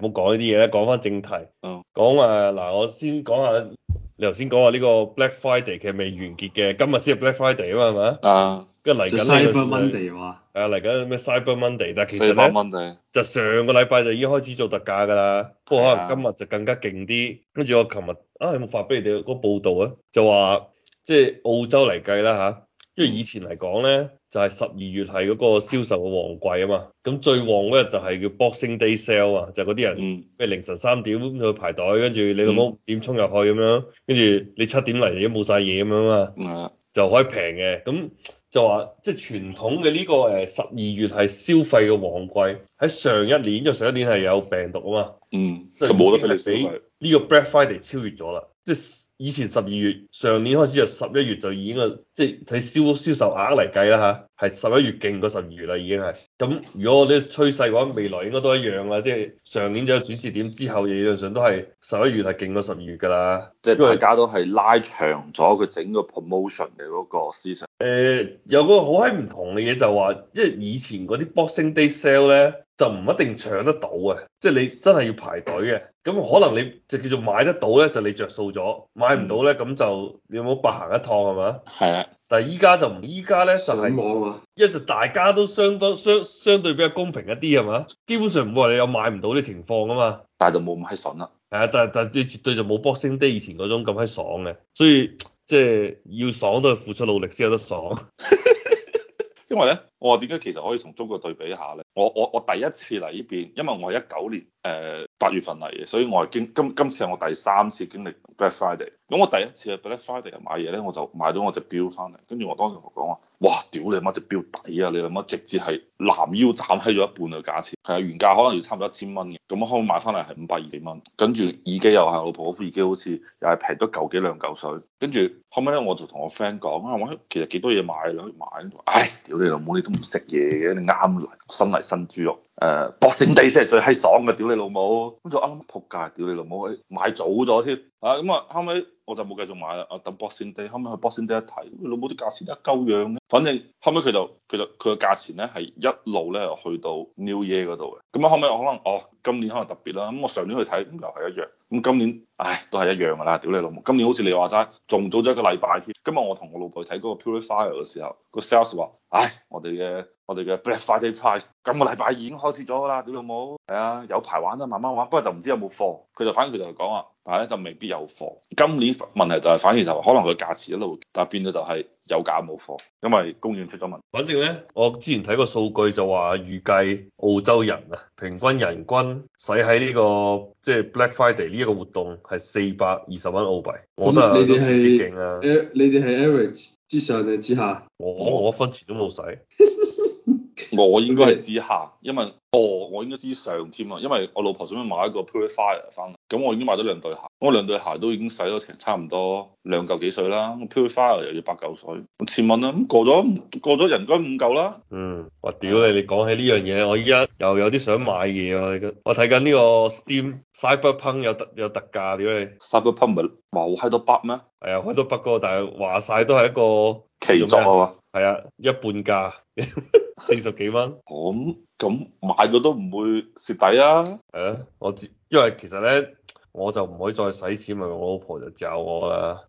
唔好講呢啲嘢咧，講翻正題。哦、oh。講話嗱，我先講下你頭先講話呢個 Black Friday 其實未完結嘅，今日先係 Black Friday 啊嘛，係咪，uh？啊。跟住嚟緊，就 Cyber Monday 嘛。係啊，嚟緊咩 Cyber Monday，但其實咧，Monday 就上個禮拜就已經開始做特價㗎啦。不過可能今日就更加勁啲。跟住、啊，我琴日啊，有冇發俾你哋個報道啊？就話即係澳洲嚟計啦吓。因為以前嚟講咧，就係十二月係嗰個銷售嘅旺季啊嘛。咁最旺嗰日就係叫 Boxing Day sale 啊，就嗰、是、啲人咩、嗯、凌晨三點去排隊，跟住你老母五點衝入去咁樣，跟住你七點嚟已經冇晒嘢咁樣啊。嗯、就可以平嘅，咁就話即係傳統嘅呢個誒，十二月係消費嘅旺季，喺上一年因為、就是、上一年係有病毒啊嘛，嗯、就冇得死。呢個 Black Friday 超越咗啦。即係以前十二月上年開始就十一月就已經啊，即係睇銷銷售額嚟計啦嚇，係十一月勁過十二月啦，已經係。咁如果啲趨勢嘅話，未來應該都一樣啦。即係上年就有轉折點，之後嘢上都係十一月係勁過十二月㗎啦。因為即係大搞到係拉長咗佢整個 promotion 嘅嗰個 season、呃、有個好喺唔同嘅嘢就話、是，即係以前嗰啲 boxing day sale 咧。就唔一定搶得到啊，即、就、係、是、你真係要排隊嘅。咁可能你就叫做買得到咧，就你着數咗；買唔到咧，咁就你有冇白行一趟係嘛？係啊。但係依家就唔，依家咧就係、是、因為就大家都相當相相對比較公平一啲係嘛？基本上唔會話你有買唔到啲情況啊嘛。但係就冇咁閪爽啦。係啊，但係但係你絕對就冇 boxing day 以前嗰種咁閪爽嘅。所以即係、就是、要爽都係付出努力先有得爽。 因為咧。我話點解其實可以同中國對比一下咧？我我我第一次嚟呢邊，因為我係一九年誒八月份嚟嘅，所以我係經今今次係我第三次經歷 Black Friday。咁我第一次喺 Black Friday 買嘢咧，我就買咗我隻表翻嚟，跟住我當時候講話：哇！屌你媽隻表抵啊！你諗下直接係攔腰斬咗一半嘅價錢，係啊，原價可能要差唔多一千蚊嘅，咁我後尾買翻嚟係五百二幾蚊，跟住耳機又係，我婆 r 夫耳機好似又係平咗九幾兩嚿水。跟住後尾咧，我就同我 friend 講啊，我其實幾多嘢買啊，諗買，唉、哎，屌你老母唔食嘢嘅，你啱嚟新嚟新豬肉。誒 Boxing Day 先係最閪爽嘅，屌你老母！咁就啱啱仆街，屌你老母！買早咗添，啊咁啊後尾我就冇繼續買啦，啊等 Boxing Day，後尾去 Boxing Day 一睇，老母啲價錢一鳩樣嘅，反正後尾佢就佢就佢個價錢咧係一路咧去到 New Year 嗰度嘅，咁啊後尾我可能哦今年可能特別啦，咁我上年去睇咁又係一樣，咁今年唉、哎、都係一樣噶啦，屌你老母！今年好似你話齋仲早咗一個禮拜添，今日我同我老母去睇嗰個 Purifier 嘅時候，個 sales 話唉我哋嘅。哎哎哎我哋嘅 Black Friday price，今個禮拜已經開始咗噶啦，點好冇？係啊，有排玩啦，慢慢玩。不過就唔知有冇貨，佢就反正佢就講啊，但係咧就未必有貨。今年問題就係反而就可能佢價錢一路，但係變咗就係有價冇貨，因為供應出咗問題。反正咧，我之前睇個數據就話預計澳洲人啊，平均人均使喺呢個即係、就是、Black Friday 呢一個活動係四百二十蚊澳幣。你我覺得都係都幾勁啊！你哋係 average 之上定之下？我我一分錢都冇使。 我應該係知下，因為哦，我應該知上添啊，因為我老婆想買一個 purifier 翻嚟，咁我已經買咗兩對鞋，我兩對鞋都已經使咗成差唔多兩嚿幾歲啦，個 purifier 又要八嚿水，我前問啦咁過咗過咗人均五嚿啦。嗯，我屌你，你講起呢樣嘢，我依家又有啲想買嘢啊！我睇緊呢個 Steam Cyberpunk 有特有特價，屌你，Cyberpunk 咪話好閪多筆咩？係啊，閪多筆嘅，但係話晒都係一個奇作啊，係啊，一半價。 四十幾蚊，咁咁、嗯、買咗都唔會蝕底啊！誒、嗯，我知，因為其實咧，我就唔可以再使錢咪，我老婆就教我啦，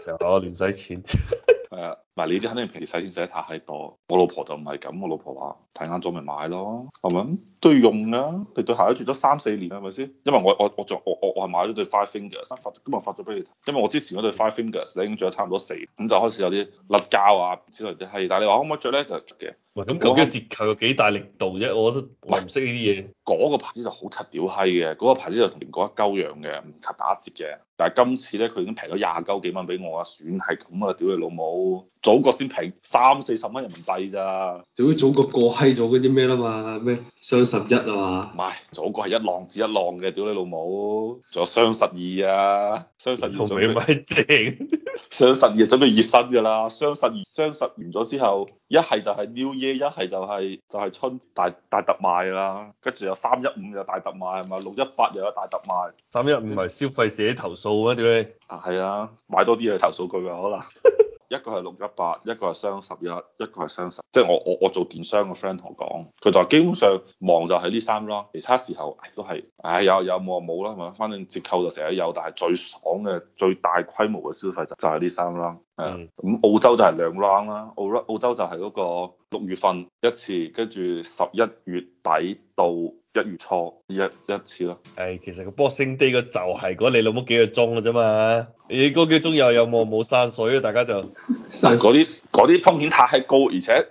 成 我亂使錢，係 啊。嗱，係你啲肯定平時使錢使得太多，我老婆就唔係咁。我老婆話睇啱咗咪買咯，係咪都要用噶？你對鞋都著咗三四年係咪先？因為我我我著我我我係買咗對 Five Fingers，今日今日發咗俾你睇。因為我之前嗰對 Five Fingers 已經著咗差唔多四，咁就開始有啲甩膠啊之類啲係。但係你話可唔可以着咧就嘅。咁究竟折扣有幾大力度啫？我唔識呢啲嘢。嗰個牌子就好柒屌閪嘅，嗰個牌子就同嗰一鳩樣嘅，唔柒打折嘅。但係今次咧佢已經平咗廿九幾蚊俾我，算係咁啊！屌你老母～祖國先平三四十蚊人民幣咋？除非祖國過閪咗嗰啲咩啦嘛？咩雙十一啊嘛？唔係祖國係一浪接一浪嘅，屌你老母！仲有，雙十二啊，雙十二準備買正。雙十二準備熱身噶啦，雙十二雙十完咗之後，一係就係 New Year，一係就係、是、就係、是、春大大、大特賣啦。跟住有三一五又大特賣，係咪六一八又有大特賣？三一五咪消費者投訴啊，屌你吧！啊係啊，買多啲嘢投訴佢啊，可能。一個係六一八，一個係雙十一，一個係雙十，即係我我我做電商嘅 friend 同我講，佢就基本上忙就係呢三 round，其他時候都係，唉、哎、有有冇就冇啦，咁啊反正折扣就成日有，但係最爽嘅、最大規模嘅消費就就係呢三 round，嗯，咁澳洲就係兩 round 啦，澳澳澳洲就係嗰個六月份一次，跟住十一月底到，一月初一一次咯，誒、哎，其實個 boxing day 個就係嗰你老母幾個鐘嘅啫嘛，你嗰幾個鐘又有冇冇散水啊？大家就，但係嗰啲嗰啲風險太係高，而且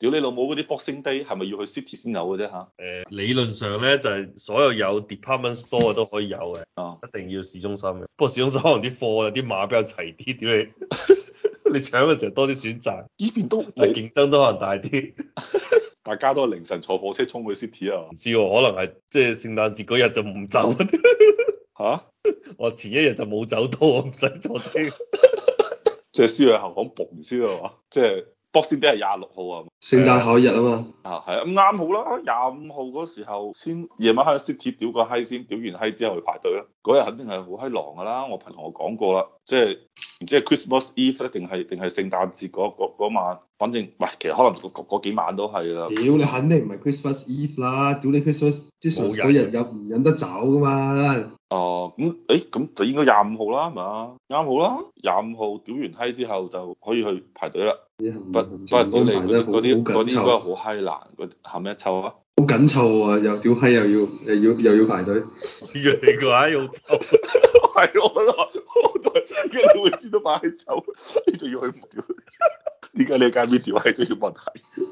屌你老母嗰啲 boxing day 係咪要去 city 先有嘅啫吓？誒、哎，理論上咧就係、是、所有有 department store 都可以有嘅，哦、嗯，一定要市中心嘅，不過市中心可能啲貨啊啲碼比較齊啲，屌你， 你搶嘅時候多啲選擇，呢邊都，啊競爭都可能大啲。 大家都凌晨坐火車衝去 City 啊？唔知喎，可能係即係聖誕節嗰日就唔走 啊！嚇，我前一日就冇走到，我唔使坐車思，即係私去行行步先啊嘛，即係。Boxing 都係廿六號啊，聖誕後一日啊嘛，啊係啊，咁啱好啦，廿五號嗰時候先夜晚喺 city 屌個閪先，屌完閪之後去排隊咯，嗰日肯定係好閪狼噶啦，我朋同我講過啦，即係唔知係 Christmas Eve 咧定係定係聖誕節嗰、嗰、晚，反正唔係其實可能嗰、嗰、幾晚都係啦。屌你、啊、肯定唔係 Christmas Eve 啦，屌你 Christmas Christmas 嗰日飲唔飲得酒噶嘛？哦，咁、嗯，誒、欸，咁就應該廿五號啦，係嘛？啱好啦，廿五號屌完閪之後就可以去排隊啦。不，不屌你嗰啲啲嗰啲應該好閪難，個後面一湊啊！好緊湊啊，又屌閪又要又要又要排隊。嚟個閪好臭，係我咯，好多人都知道買酒，所以仲要去屌？點解你間邊屌閪都要買鞋？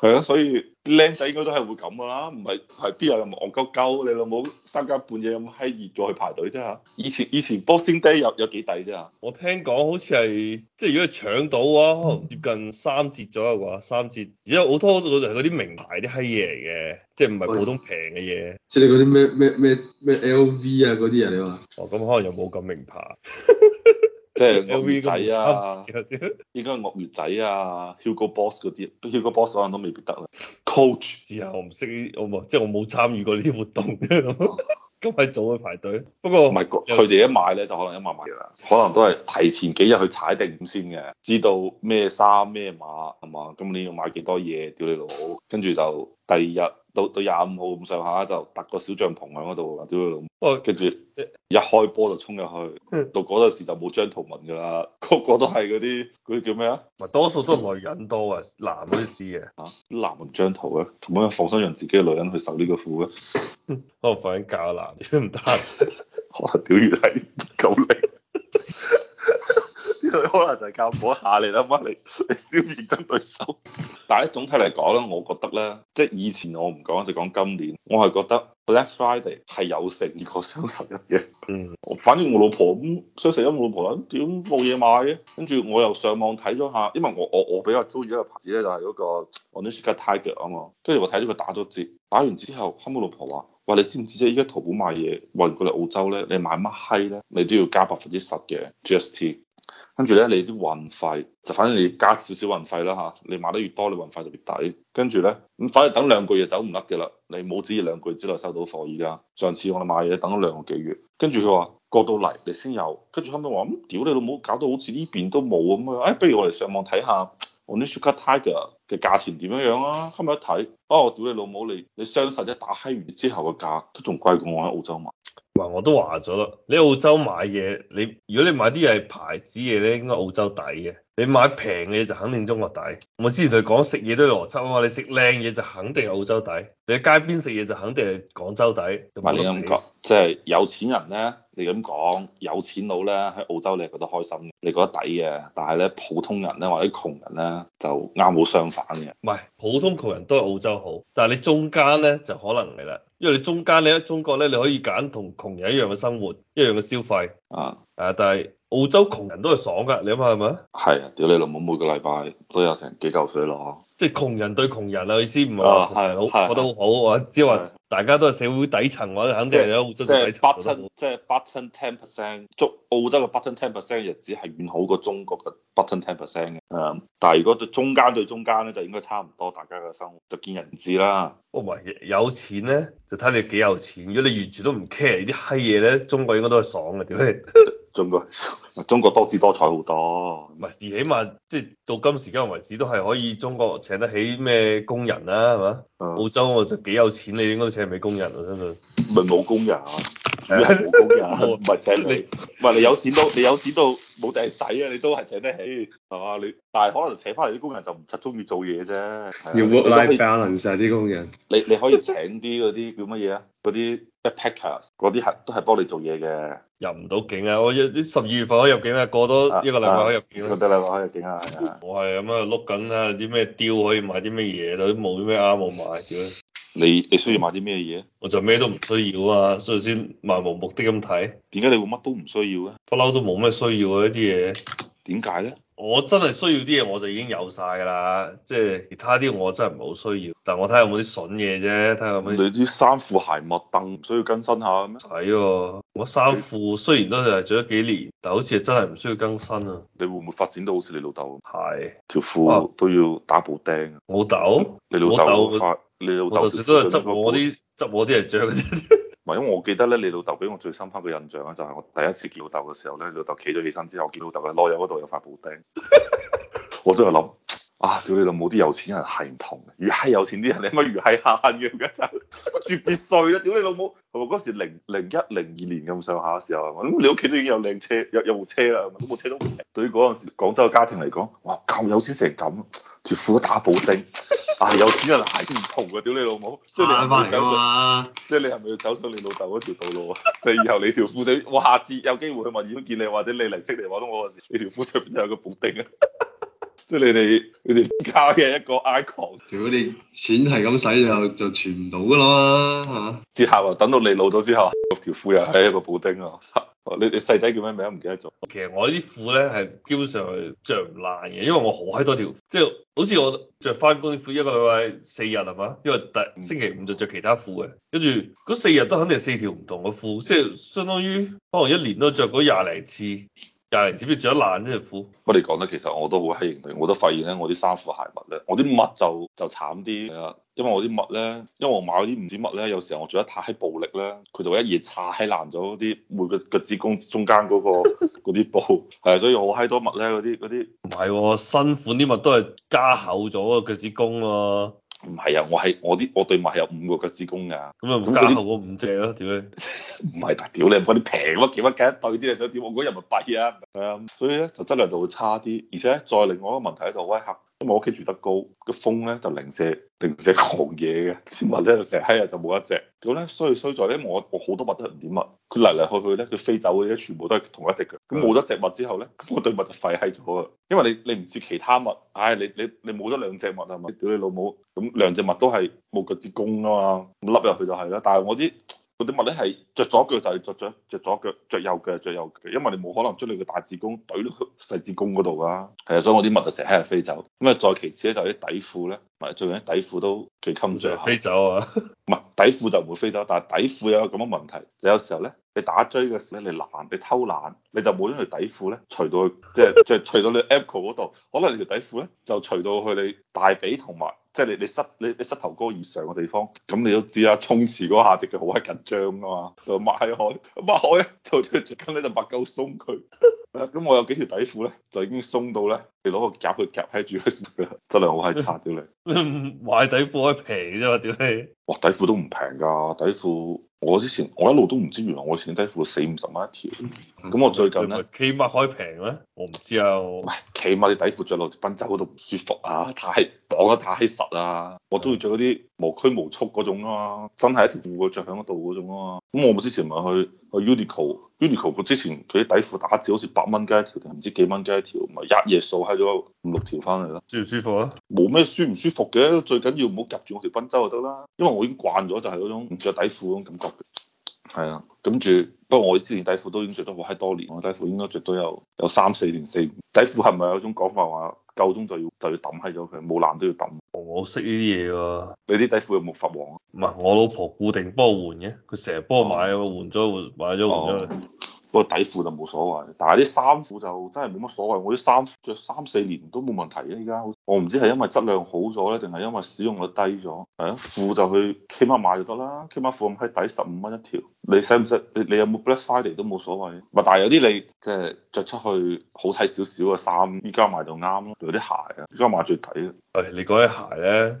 係啊，所以。靚仔應該都係會咁噶啦，唔係係邊有咁戇鳩鳩？你老母三更半夜咁閪熱，咗去排隊啫嚇！以前以前 Boxing Day 有有幾抵啫？我聽講好似係即係如果係搶到啊，可能接近三折左右啩，三折。而家好多嗰啲係嗰啲名牌啲閪嘢嚟嘅，即係唔係普通平嘅嘢。即係嗰啲咩咩咩咩 LV 啊嗰啲啊，你話？哦，咁可能又冇咁名牌，即係 LV 仔啊， 應該係鱷魚仔啊，Hugo Boss 嗰啲，Hugo Boss 可能都未必得啦。之後，我唔識我冇，即係我冇參與過呢啲活動。 今日早去排隊，不過唔係佢哋一買咧，就可能一萬買㗎啦。 可能都係提前幾日去踩定先嘅，知道咩衫咩碼係嘛？咁你要買幾多嘢屌你老母，跟住就第二日。到到廿五號咁上下就搭個小帳篷喺嗰度，屌！跟住、啊、一開波就衝入去，到嗰陣時就冇張圖文㗎啦，個個都係嗰啲嗰啲叫咩啊？唔係多數都係女人多啊， 男都少嘅。嚇！啲男唔張圖嘅，點解放心讓自己嘅女人去受呢個苦嘅？ 我放喺教男點唔得？ 不行 哇！屌，越睇越佢 可能就係靠嗰下嚟諗乜嚟嚟消競爭對手。 但係咧總體嚟講咧，我覺得咧，即係以前我唔講，就講今年，我係覺得 Black Friday 係有成個雙十一嘅。嗯。 反正我老婆咁雙十一，我老婆話點冇嘢買嘅，跟住我又上網睇咗下，因為我我我比較中意一個牌子咧，就係、是、嗰、那個 Onitsuka Tiger 啊、嗯、嘛。跟住我睇到佢打咗折，打完之後，後尾老婆話：，哇！你知唔知即係依家淘寶買嘢，喂，如果你澳洲咧，你買乜閪咧，你都要加百分之十嘅 GST。跟住咧，你啲運費就反正你加少少運費啦嚇，你買得越多，你運費就越抵。跟住咧，咁反而等兩個月又走唔甩嘅啦，你冇止兩個月之內收到貨。而家上次我哋買嘢等咗兩個幾月，跟住佢話過到嚟你先有，跟住後屘話屌你老母，搞到好似呢邊都冇咁樣啊！哎，不如我哋上網睇下我啲 Tiger 嘅價錢點樣樣啊！後屘一睇，哦，屌你老母，你你雙十一打閪完之後嘅價都仲貴過我喺澳洲買。我都話咗啦，你澳洲買嘢，你如果你買啲嘢係牌子嘢咧，應該澳洲抵嘅。你買平嘅嘢就肯定中國底。我之前就講食嘢都係邏輯啊嘛，你食靚嘢就肯定係澳洲底，你喺街邊食嘢就肯定係廣州底。同埋你咁講，即係有，有錢人咧，你咁講有錢佬咧喺澳洲你係覺得開心，你覺得抵嘅。但係咧普通人咧或者窮人咧就啱好相反嘅。唔係普通窮人都係澳洲好，但係你中間咧就可能嚟啦，因為你中間你喺中國咧你可以揀同窮人一樣嘅生活，一樣嘅消費啊，但，但係。澳洲窮人都係爽噶，你諗下係咪？係啊，屌你老母，每個禮拜都有成幾嚿水攞。即係窮人對窮人啊，意思唔係話我覺得好，的我都好的我知雲。的大家都係社會底層嘅話，肯定係有好多社即係 bottom，即係 bottom ten percent，足澳洲嘅 bottom ten percent 日子係遠好過中國嘅 bottom ten percent 嘅。但係如果對中間對中間咧，就應該差唔多，大家嘅生活就見仁見智啦。唔係、哦、有錢咧，就睇你幾有錢。如果你完全都唔 care 呢啲閪嘢咧，中國應該都係爽嘅。點解？ 中國中國多姿多彩好多。唔係，最起碼即係、就是、到今時今日為止，都係可以中國請得起咩工人啦、啊，係嘛？澳洲我、啊、就幾有錢，你應該請唔起工人啊，真係。唔係冇工人啊。唔係冇工人。唔係 請你，唔係 你有錢都你有錢到冇地使啊，你都係請得起。係、啊、嘛？你，但係可能請翻嚟啲工人就唔實中意做嘢啫。要、啊、Your work-life balance 啲、啊、工人。 你你可以請啲嗰啲叫乜嘢啊？嗰啲 backpackers 嗰啲係都係幫你做嘢嘅。入唔到境啊！我一啲十二月份可以入境啊，過多一個禮拜可以入境咯。一個禮拜可以入境啊！我係咁啊，碌緊啊，啲咩 deal 可以買啲咩嘢，都冇咩啱我買嘅啊。你你需要買啲咩嘢？我就咩都唔需要啊，所以先漫無目的咁睇。點解你會乜都唔需要咧？不嬲都冇咩需要啊！呢啲嘢點解咧？我真係需要啲嘢我就已經有晒㗎啦，即係其他啲我真係唔係好需要。但係我睇下有冇啲筍嘢啫，睇下有冇。你啲衫褲鞋襪凳需要更新下嘅咩？係，我衫褲雖然都係著咗幾年，但好似真係唔需要更新啊。你會唔會發展到好似你老豆咁？係的，條褲、啊、都要打部釘。我老爸豆爸、啊？你老豆爸、啊？你老豆？我老豆都係執我啲執我啲人著嘅啫。 因為我記得咧，你老豆俾我最深刻嘅印象咧，就係我第一次見老豆嘅時候咧，老豆企咗起身之後，我見老豆嘅籮柚嗰度有塊補丁，我都有諗，啊，屌你老母啲有錢人係唔同嘅，越係有錢啲人你咪越係慳嘅，而家就住、是、別墅啦，屌你老母，嗰時零零一零二年咁上下嘅時候，我諗你屋企都已經有靚車，有有，有車部車啦，咁部車都對於嗰陣時廣州嘅家庭嚟講，哇夠有錢成咁，條褲打補丁。啊，有錢人係唔同嘅，屌你老母！即係你唔會走上，啊、即係你係咪要走上你老豆嗰條道路啊？即係 以後你條褲仔，我下次有機會去萬業都見你，或者你嚟悉尼玩我嗰你條褲上邊有個補丁啊！ 即係你哋你哋家嘅一個 icon。如果你錢係咁使，以後就存唔到㗎啦，嚇、啊！之後啊，等到你老咗之後，條褲又係一個補丁啊！ 你你細仔叫咩名？唔記得咗。其實我啲褲咧係基本上着唔爛嘅，因為我好閪多條，即係好似我着翻工啲褲一個禮拜四日係嘛，因為第星期五就着其他褲嘅，跟住嗰四日都肯定係四條唔同嘅褲，即係相當於可能一年都着過廿零次。又嚟，只表著得爛真係苦。不你講得，其實我都好閪認同，我都發現咧，我啲衫褲鞋襪咧，我啲襪就就慘啲。係啊，因為我啲襪咧，因為我買啲唔知乜咧，有時候我着得太暴力咧，佢就會一夜喺爛咗啲每個腳趾公中間嗰、嗰個嗰啲布。係啊， 所以我好閪多襪咧，嗰啲嗰啲。唔係喎，新款啲襪都係加厚咗腳趾公喎。唔係啊，我係我啲我對襪係有五個腳趾公噶。咁又唔加後我五隻咯，屌你！唔係大係，屌你嗰啲平乜幾蚊雞一對啲，你想點？我嗰日咪弊啊。係啊、嗯，所以咧就質量就會差啲，而且咧再另外一個問題咧就威、是、客，因為我屋企住得高，個風咧就零舍零舍狂嘢嘅，襪咧、嗯、就成日係啊，就冇一隻。咁咧衰衰在咧，我我好多物都唔掂物，佢嚟嚟去去咧，佢飛走嘅啲全部都係同一隻腳，咁冇咗隻物之後咧，咁我對物就廢閪咗啊！因為你你唔知其他物，唉，你你你冇咗兩隻物係咪？屌你老母！咁兩隻物都係冇腳趾公啊嘛，咁笠入去就係啦。但係我啲。嗰啲襪咧係着左腳就係着左腳，着左腳着右腳就着右腳，因為你冇可能將你個大子宮懟到去細子宮嗰度噶。係啊，所以我啲襪就成日喺度飛走。咁啊，再其次咧就係啲底褲咧，唔係最近啲底褲都幾襟着。飛走啊！唔係底褲就唔會飛走，但係底褲有個咁嘅問題，就有時候咧你打追嘅時咧你懶，你偷懶，你就冇將條底褲咧除到，即係除除到你 ankle 嗰度，可能你條底褲咧就除到去你大髀同埋。即係你你膝你你膝頭哥以上嘅地方，咁你都知啊！衝刺嗰下隻腳好閪緊張㗎嘛，就擘開擘開，就最近咧就白鳩鬆佢。係咁我有幾條底褲咧，就已經鬆到咧，你攞個夾去夾喺住真係好閪差啲 你。嗯，壞底褲可以平㗎啫嘛，屌你！哇，底褲都唔平㗎，底褲我之前我一路都唔知，原來我以前底褲四五十蚊一條。咁 我最近咧，起碼可以平咩？我唔知啊。唔、哎、起碼你底褲着落奔走嗰度唔舒服啊，太～講得太實啊！我鍾意着嗰啲無拘無束嗰種啊，真係一條褲著響嗰度嗰種啊。咁我之前咪去去 Uniqlo，Uniqlo 佢之前佢啲底褲打折好似百蚊雞一條定唔知幾蚊雞一條，咪日夜掃閪咗五六條翻嚟啦。舒唔舒服啊？冇咩舒唔舒服嘅，最緊要唔好夾住我條賓州就得啦。因為我已經慣咗就係嗰種唔着底褲嗰種感覺嘅。係啊，咁住。不過我之前底褲都已經着咗好閪多年，我底褲應該着都有有三四年四五。底褲係咪有種講法話，夠鐘就要就要抌喺咗佢，冇爛都要抌。我識呢啲嘢喎，你啲底褲有冇發黃？唔係我老婆固定幫我換嘅，佢成日幫我買，我、啊、換咗換買咗換咗。啊換不過底褲就冇所謂，但係啲衫褲就真係冇乜所謂。我啲衫着三四年都冇問題嘅。而家我唔知係因為質量好咗咧，定係因為使用率低咗。係啊，褲就去 Kmart 買就得啦。Kmart 褲咁閪抵，十五蚊一條，你使唔使？你有冇 Black Friday 都冇所謂。唔係，但係有啲你即係著出去好睇少少嘅衫，而家買就啱咯。有啲鞋啊，而家買最抵啊。誒，你講起鞋咧，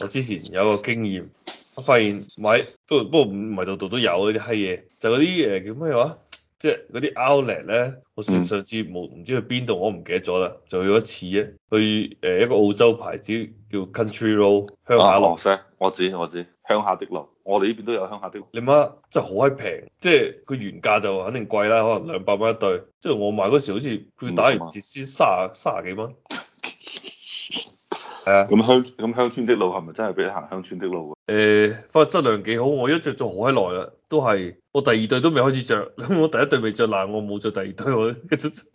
我之前有個經驗，我發現買，不過不過唔係度度都有呢啲閪嘢，就嗰啲嘢叫咩話？即係嗰啲 Outlet 咧，嗯、我上次冇唔知去邊度，我唔記得咗啦，就去咗一次啊。去誒一個澳洲牌子叫 Country Road 鄉下路。啊、我知我知，我知鄉下的路，我哋呢邊都有鄉下的路。你媽真係好閪平，即係佢原價就肯定貴啦，可能兩百蚊一對。即係我買嗰時好似佢打完折先三啊三十幾蚊。咁鄉咁鄉村的路係咪真係俾你行鄉村的路啊？誒、呃，不過質量幾好，我一着咗好閪耐啦，都係我第二對都未開始著，我第一對未着嗱，我冇着第二對呢。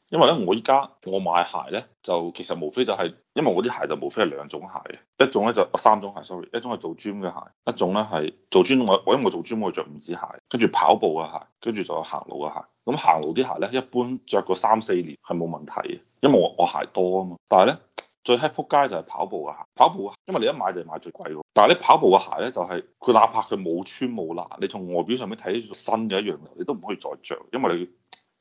因為咧，我依家我買鞋咧，就其實無非就係、是、因為我啲鞋就無非係兩種鞋，一種咧就我、是、三種鞋，sorry，一種係做 gym 嘅鞋，一種咧係做 gym 我我因為做我做 gym 我着唔止鞋，跟住跑步嘅鞋，跟住就有行路嘅鞋。咁行路啲鞋咧，一般着個三四年係冇問題嘅，因為我我鞋多啊嘛。但係咧。最 hit 仆街就係跑步嘅鞋，跑步嘅鞋，因為你一買就係買最貴喎。但係你跑步嘅鞋咧，就係、是、佢哪怕佢冇穿冇爛，你從外表上面睇新嘅一樣嘢，你都唔可以再着。因為你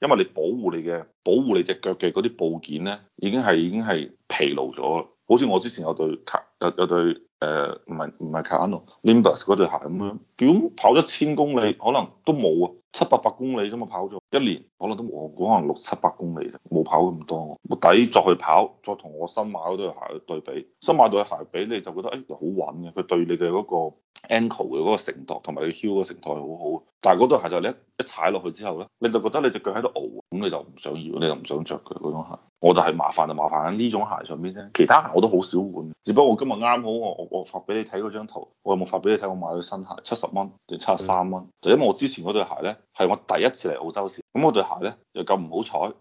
因為你保護你嘅保護你隻腳嘅嗰啲部件咧，已經係已經係疲勞咗。好似我之前有對，有有對。誒，唔係唔係卡恩咯，Limbus 嗰對鞋咁樣，如果跑一千公里，可能都冇啊，七八百公里啫嘛，跑咗一年，可能都冇，可能六七百公里啫，冇跑咁多，底再去跑，再同我新買嗰對鞋去對比，新買對鞋比你就覺得，誒、哎、好穩嘅，佢對你嘅嗰、那個。ankle 嘅嗰個承托同埋佢 heel 個承托係好好，但係嗰對鞋就你一踩落去之後咧，你就覺得你隻腳喺度嘔，咁你就唔想要，你就唔想着佢嗰種鞋。我就係麻煩就麻煩喺呢種鞋上邊啫，其他鞋我都好少換。只不過我今日啱好我我發俾你睇嗰張圖，我有冇發俾你睇？我買咗新鞋七十蚊定七十三蚊，嗯、就因為我之前嗰對鞋咧係我第一次嚟澳洲時，咁嗰對鞋咧又咁唔好彩。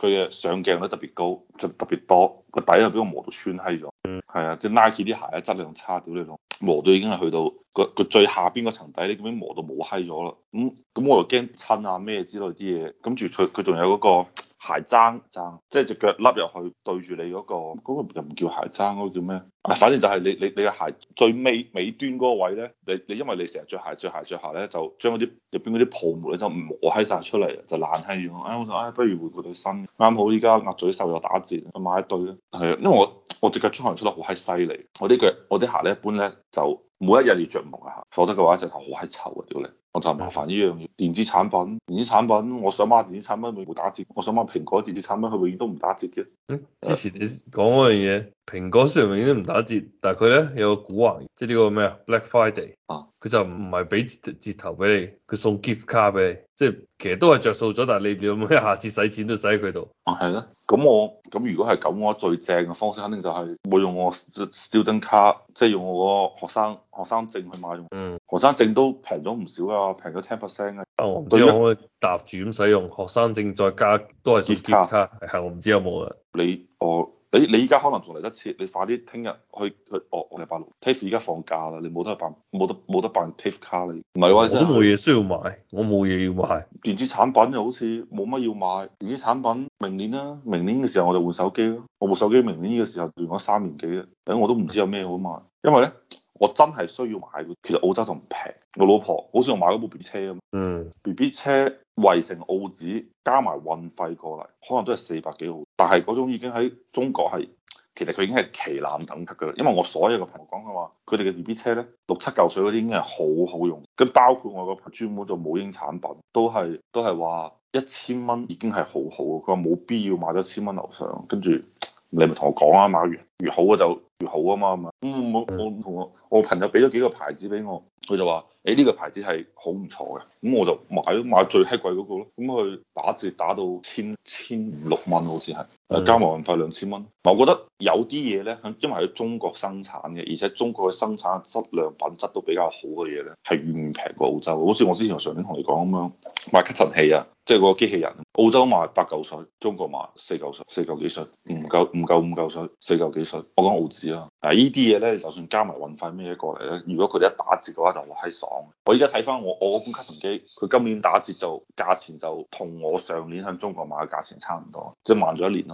佢嘅上鏡率特別高，就特別多，個底又俾我磨到穿閪咗。係啊、嗯，即係 Nike 啲鞋啊，質量差啲咯，磨到已經係去到個個最下邊嗰層底，你咁樣磨到冇閪咗啦，咁、嗯、咁我又驚襯啊咩之類啲嘢，跟住佢佢仲有嗰個。鞋踭踭，即係隻腳笠入去，對住你嗰個嗰個又唔叫鞋踭，嗰個叫咩？啊，反正就係你你你嘅鞋最尾尾端嗰個位咧，你你因為你成日着鞋着鞋着鞋咧，就將嗰啲入邊嗰啲泡沫咧就磨喺晒出嚟，就爛閪咗。我話唉、哎，不如換對新。啱好依家鴨嘴獸又打折，我戰買一堆。係啊，因為我我隻腳出汗出得好閪犀利，我啲腳我啲鞋咧一般咧就每一日要著冇啊，否則嘅話就係好閪臭啊屌你！這個我就麻煩呢樣嘢，電子產品，電子產品，我想買電子產品會唔會打折？我想買蘋果電子產品，佢永遠都唔打折嘅。之前你講嗰樣嘢。蘋果雖然永遠都唔打折，但係佢咧有個古惑，即係呢個咩啊？Black Friday，佢就唔係俾折頭俾你，佢送 gift 卡俾你，即係其實都係着數咗，但係你咁樣下次使錢都使喺佢度。係咯，咁我咁如果係咁，我最正嘅方式肯定就係會用我 student 卡，即係用我個學生學生證去買用。嗯，學生證都平咗唔少啊，平咗 ten percent 啊。我唔知可以搭住咁使用學生證再加，都係折 gift 卡。係，我唔知有冇啊。你我。你你依家可能仲嚟得切，你快啲聽日去去哦，我禮拜六，TAFE 而家放假啦，你冇得辦冇得冇得辦 TAFE 卡你？唔係嘅話，我冇嘢需要買，我冇嘢要買。電子產品又好似冇乜要買，電子產品明年啦，明年嘅、啊、時候我就換手機咯、啊。我部手機明年嘅個時候用咗三年幾啦，等我都唔知有咩好買，因為咧我真係需要買。其實澳洲就唔平，我老婆好似我買嗰部 B B 車咁，嗯，B B 車維成澳紙加埋運費過嚟，可能都係四百幾澳。但係嗰種已經喺中國係，其實佢已經係旗艦等級嘅啦。因為我所有嘅朋友講嘅話，佢哋嘅 BB 車咧，六七嚿水嗰啲已經係好好用，跟包括我個專門做母嬰產品，都係都係話一千蚊已經係好好。佢話冇必要買咗千蚊樓上，跟住你咪同我講啊，馬宇。越好嘅就越好啊嘛嘛，咁我我同我我朋友俾咗幾個牌子俾我，佢就話：誒呢個牌子係好唔錯嘅。咁我就買買最閪貴嗰個咯。咁佢打折打到千千五六蚊，好似係誒加埋運費兩千蚊。嗯、我覺得有啲嘢咧，因為喺中國生產嘅，而且中國嘅生產質量品質都比較好嘅嘢咧，係遠平過澳洲。好似我之前上年同你講咁樣買吸塵器啊，即係個機器人，澳洲賣八嚿水，中國賣四嚿水，四嚿幾水，唔夠唔夠五嚿水，四嚿幾。我講澳紙啦，嗱呢啲嘢咧，就算加埋運費咩嘢過嚟咧，如果佢哋一打折嘅話就係爽。我而家睇翻我我本吸塵機，佢今年打折就價錢就同我上年喺中國買嘅價錢差唔多，即係慢咗一年咯。